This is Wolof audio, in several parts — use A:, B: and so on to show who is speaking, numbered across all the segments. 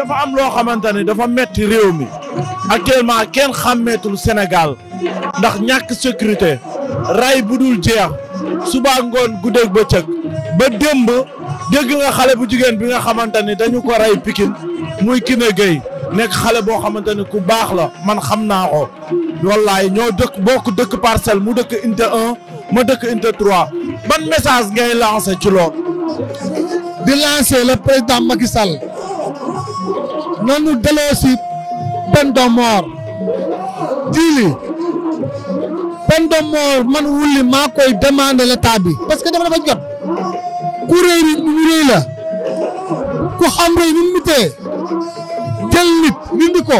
A: dafa am loo xamante ne dafa metti réew mi actuellement kenn xàmmeetul Sénégal ndax ñàkk sécurité ray bu dul jeex subaa ngoon guddeeg bëccëg ba démb dégg nga xale bu jigéen bi nga xamante ni dañu ko ray pikin muy Kiné Gueye nekk xale boo xamante ni ku baax la man xam naa ko wallaay ñoo dëkk bokk dëkk parcelle mu dëkk inte un ma dëkk inte trois ban message ngay lancé ci lool di lancé le président Macky nañu deloosi Penda Mor Djily Penda wulli maa koy demander l'état bi parce que dafa dafa jot ku réy nit ñu réy ku xam réy ñu mutee jël nit nindi ko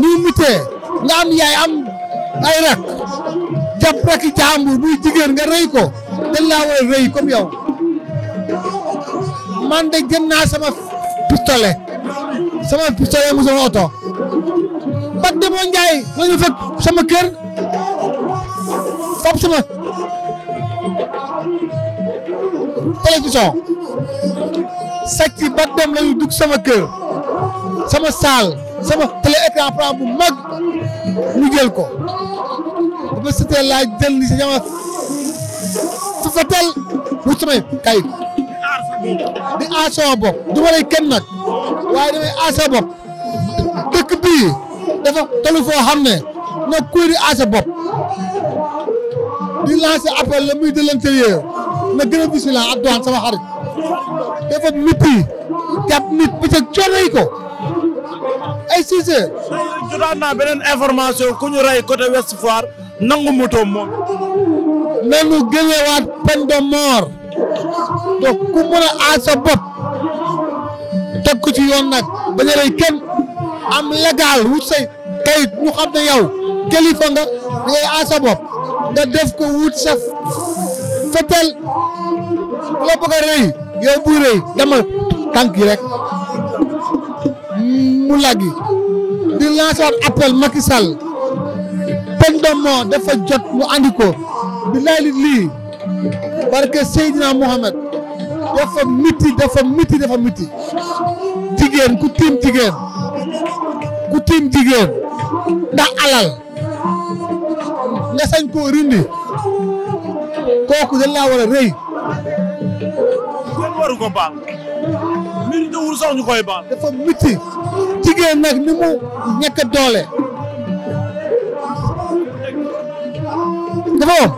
A: ñu nga am yaay am ay rak jàpp rek jàmbur buy jigéen nga rëy ko dañ laa war a rëy comme man de naa sama pistolet sama pistolet mu sama oto bat demoo Njaay ma ñu fekk sama kër fab sama télévision sàcc bat dem lañu dugg sama kër sama salle sama télé écran bu mag ñu jël ko ba ba sëtee laa jël ni sama fatel wut samay kayit di aar bopp du ma lay kenn nag waaye damay aar bopp dëkk bii dafa tollu foo xam ne na kuy di aar bopp di lancer appel la muy de na gën a vigilant ak sama xarit dafa métti jàpp nit bëccëg coono yi ko ay Cissé. jotaat naa beneen information ku ñu rey côté Ouest Foire nangu moto moom. na nu génneewaat peine de mort. donc ku mën a aar sa bopp teg ko ci yoon nag ba ñu rey kenn am légal wut say kayit ñu xam ne yow kilifa nga ngay aar sa bopp nga def ko wut sa fetel la bëgg a rëy yow buy rëy dama tànk yi rek mu laggi di lancer appel Macky Sall dafa jot mu andi ko bi lay lii barke Seydina Mohamed dafa miti dafa miti dafa miti jigéen ku tiim jigéen ku tiim jigéen ndax alal nga sañ koo rindi kooku dañ laa a rëy. waru ko baal. mbir te wul sax ñu dafa miti jigéen nag ni mu ñàkk doole. dafa am.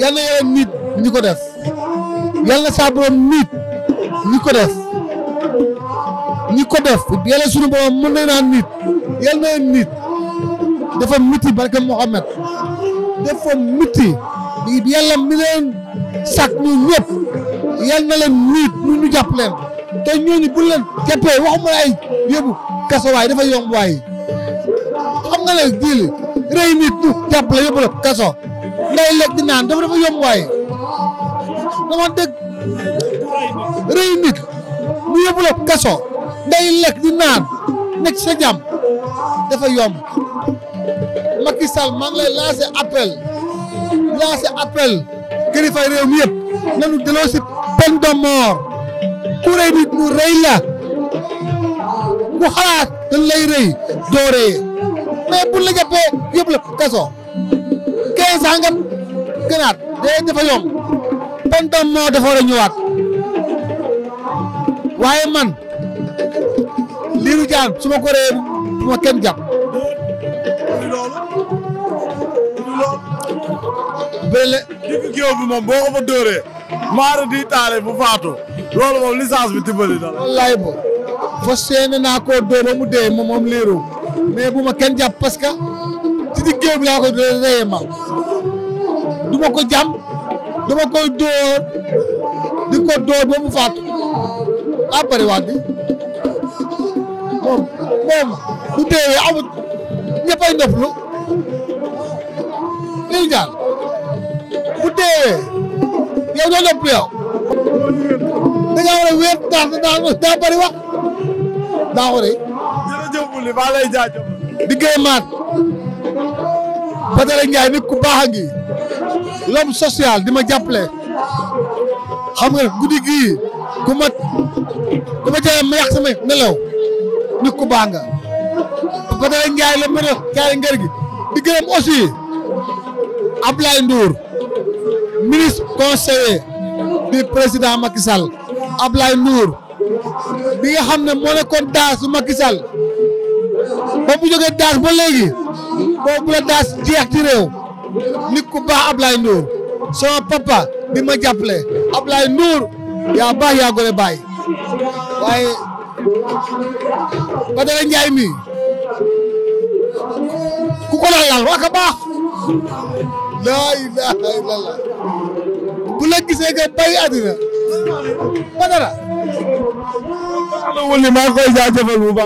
A: yal na yàlla nit ñi ko def yal na saa borom nit ñi ko def ñi ko def yàlla sunu borom mën na naan nit yal na nit dafa miti barke Mouhamed dafa miti yàlla mi leen sàkk ñu ñëpp yal na leen nit ñu jàpp leen te ñooñu bu leen keppee waxuma ay yóbbu kaso waay dafa yomb waay xam nga ne jiili rëy nit ñu jàpp la yóbbu la kaso. ngay lekk di naan dafa dafa yomb waaye dama dégg rëy nit mu yóbbu la kaso lekk di naan nekk sa jàmm dafa yomb Macky maa ngi lay lancer appel lancer appel kilifa réew mi yëpp nanu delloo si peine ku rëy nit mu rëy la xalaat dañ lay rëy doo rëy mais bu la jàppee yóbbu quinze ans nga gënaat day dafa yomb tonton moo defoon a ñëwaat waaye man liiru jaan su bu ma kenn jàpp bële digg géew moom boo ko fa dóoree maara di taale bu faatu loolu moom licence bi tibbali na wallaay bo fas naa koo dóor mu dee moom moom liiru bu ma kenn jàpp jël bi laa du ma jam dama koy dóor di ko dóor ba mu faatu après waat moom moom bu deewee amut ñëppay ndoplu lii daal bu deewee yow doo nopp yow da ngaa war a wéer ndax daa bëri wax daa ko rey. Badara Ndiaye nit baax a ngi l'homme social di ma jàppale xam nga guddi gii ku ma ku ma jaay nelaw nit baax nga Badara Ndiaye la mën a gi di gërëm aussi Ablaye Ndour ministre conseiller du président Macky Sall Ablaye Ndour bi nga xam ne moo nekkoon daas su Macky ba mu jógee daas ba léegi boobu la daas jeex ci réew nit ku baax Ablaye Ndour sama papa bi ma jàppale Ablaye Ndour yaa baax yaa gore baay waaye Badara Njaay mi ku ko laal waa ka baax laa ilaaha illallah bu la gisee nga bàyyi àddina Badara. maa ngi koy jaajëfal bu baax.